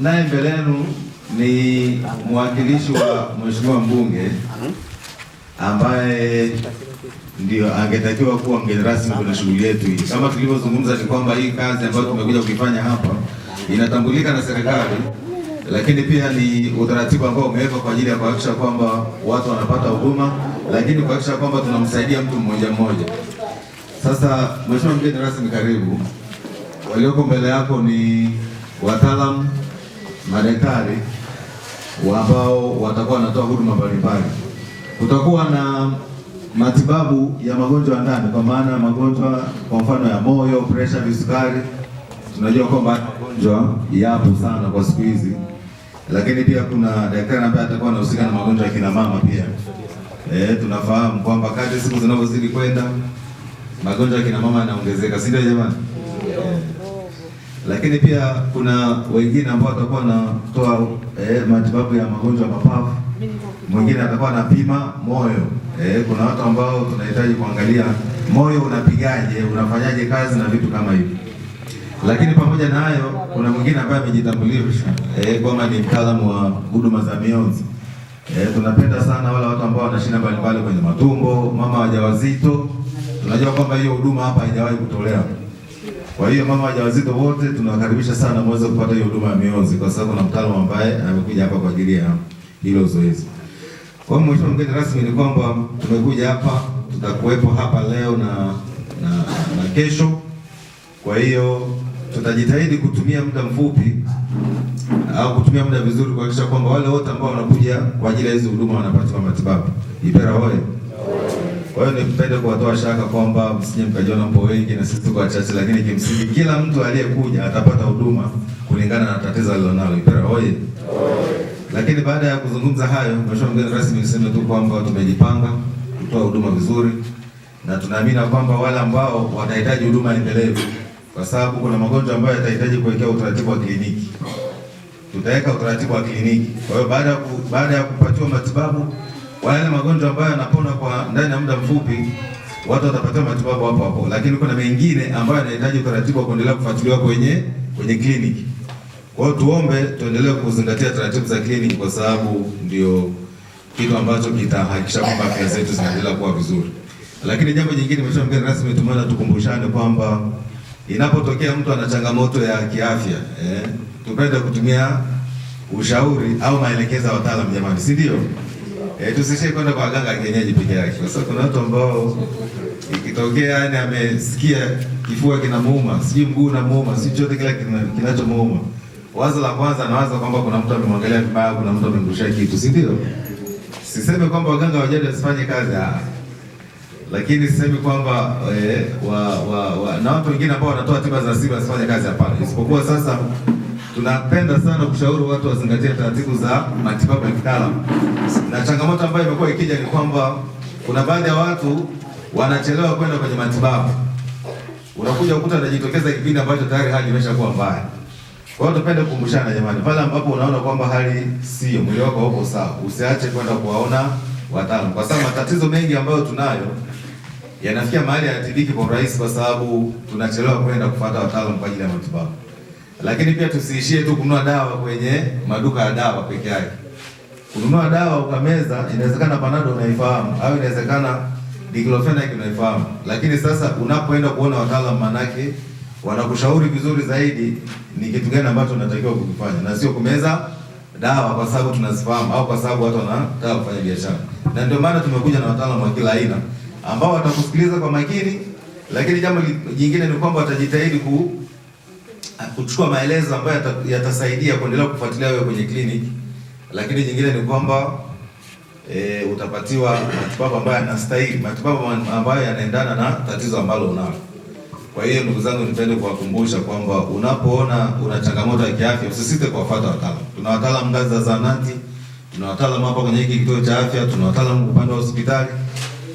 naye mbele yenu ni mwakilishi wa mheshimiwa mbunge ambaye ndio angetakiwa kuwa mgeni rasmi kwenye shughuli yetu hii. Kama tulivyozungumza, ni kwamba hii kazi ambayo tumekuja kuifanya hapa inatambulika na serikali, lakini pia ni utaratibu ambao umewekwa kwa ajili ya kuhakikisha kwamba watu wanapata huduma, lakini kuhakikisha kwamba tunamsaidia mtu mmoja mmoja. Sasa mheshimiwa mgeni rasmi, karibu. Walioko mbele yako ni wataalamu madaktari ambao watakuwa wanatoa huduma mbalimbali. Kutakuwa na matibabu ya magonjwa ndani, kwa maana magonjwa kwa mfano ya moyo, presha, visukari. Tunajua kwamba magonjwa yapo sana kwa siku hizi, lakini pia kuna daktari ambaye atakuwa anahusika na magonjwa ya kina mama pia. E, tunafahamu kwamba kadri siku zinavyozidi kwenda magonjwa ya kina mama yanaongezeka, si ndio jamani? lakini pia kuna wengine ambao watakuwa wanatoa eh, matibabu ya magonjwa mapafu, mwingine atakuwa anapima moyo eh, kuna watu ambao tunahitaji kuangalia moyo unapigaje, unafanyaje kazi na vitu kama hivi. Lakini pamoja na hayo, kuna mwingine ambaye amejitambulisha eh, kwamba ni mtaalamu wa huduma za mionzi. Eh, tunapenda sana wale watu ambao wana shida mbalimbali kwenye matumbo, mama wajawazito. Tunajua kwamba hiyo huduma hapa haijawahi kutolewa. Kwa hiyo mama wajawazito wote tunawakaribisha sana muweze kupata hiyo huduma ya mionzi, kwa sababu kuna mtaalamu ambaye amekuja hapa kwa ajili ya hilo zoezi. Kwa hiyo mheshimiwa mgeni rasmi, ni kwamba tumekuja hapa, tutakuwepo hapa leo na na, na kesho. Kwa hiyo tutajitahidi kutumia muda mfupi au kutumia muda vizuri kuhakikisha kwamba wale wote ambao wanakuja kwa ajili ya hizo huduma wanapatiwa matibabu. Ipera oye! Kwa hiyo nipende kuwatoa shaka kwamba msije mkajiona mpo wengi na sisi tuko wachache, lakini kimsingi kila mtu aliyekuja atapata huduma kulingana na tatizo alilonalo. Ipera oye! Lakini baada ya kuzungumza hayo, Mheshimiwa mgeni rasmi, niseme tu kwamba tumejipanga kutoa huduma vizuri na tunaamini kwamba wale ambao watahitaji huduma endelevu, kwa sababu kuna magonjwa ambayo yatahitaji kuwekea utaratibu wa kliniki, tutaweka utaratibu wa kliniki. Kwa hiyo baada ya baada ya kupatiwa matibabu kwa yale magonjwa ambayo yanapona kwa ndani ya muda mfupi, watu watapata matibabu hapo hapo, lakini kuna mengine ambayo yanahitaji utaratibu wa kuendelea kufuatiliwa kwenye kwenye kliniki. Kwa hiyo tuombe tuendelee kuzingatia taratibu za kliniki, kwa sababu ndio kitu ambacho kitahakikisha kwamba afya zetu zinaendelea kuwa vizuri. Lakini jambo jingine, mheshimiwa mgeni rasmi, tumeona tukumbushane kwamba inapotokea mtu ana changamoto ya kiafya eh, tupende kutumia ushauri au maelekezo ya wataalamu jamani, si ndio? Eh, tusishie kwenda kwa waganga kienyeji peke yake, kwa sababu kuna watu ambao ikitokea yani amesikia kifua kinamuuma, sijui mguu unamuuma, sijui chote kile kinachomuuma, wazo la kwanza anawaza kwamba kuna mtu amemwangalia vibaya, kuna mtu amemrushia kitu, si ndio? Siseme kwamba waganga wa jadi wasifanye kazi, ah, lakini sisemi kwamba eh, wa, wa, wa, na watu wengine ambao wanatoa tiba za asili wasifanye kazi, hapana, isipokuwa sasa tunapenda sana kushauri watu wazingatie taratibu za matibabu ya kitaalamu, na changamoto ambayo imekuwa ikija ni kwamba kuna baadhi ya watu wanachelewa kwenda kwenye matibabu, unakuja kukuta anajitokeza kipindi ambacho tayari hali imeshakuwa mbaya. Kwa hiyo tupende kukumbushana jamani, pale ambapo unaona kwamba hali sio mwili wako uko sawa, usiache kwenda kuwaona wataalamu, kwa sababu matatizo mengi ambayo tunayo yanafikia mahali hayatibiki kwa urahisi, kwa sababu tunachelewa kwenda kufuata wataalamu kwa ajili ya matibabu. Lakini pia tusiishie tu kununua dawa kwenye maduka ya dawa peke yake. Kununua dawa ukameza, inawezekana panado unaifahamu au inawezekana diclofenac unaifahamu, lakini sasa unapoenda kuona wataalamu, manake wanakushauri vizuri zaidi ni kitu gani ambacho unatakiwa kukifanya na sio kumeza dawa kwa sababu tunazifahamu au kwa sababu watu wanataka kufanya biashara. Na ndio maana tumekuja na wataalamu wa kila aina ambao watakusikiliza kwa makini, lakini jambo jingine ni kwamba watajitahidi ku kuchukua maelezo ambayo yatasaidia kuendelea kufuatilia wewe kwenye kliniki, lakini nyingine ni kwamba e, utapatiwa matibabu ambayo yanastahili, matibabu ambayo yanaendana na tatizo ambalo unalo. Kwa hiyo ndugu zangu, nipende kuwakumbusha kwamba unapoona una changamoto ya kiafya usisite kuwafuata wataalamu. Tuna wataalamu ngazi za zahanati, tuna wataalamu hapa kwenye hiki kituo cha afya, tuna wataalamu upande wa hospitali,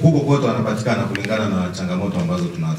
huko kwote wanapatikana kulingana na changamoto ambazo tunazo.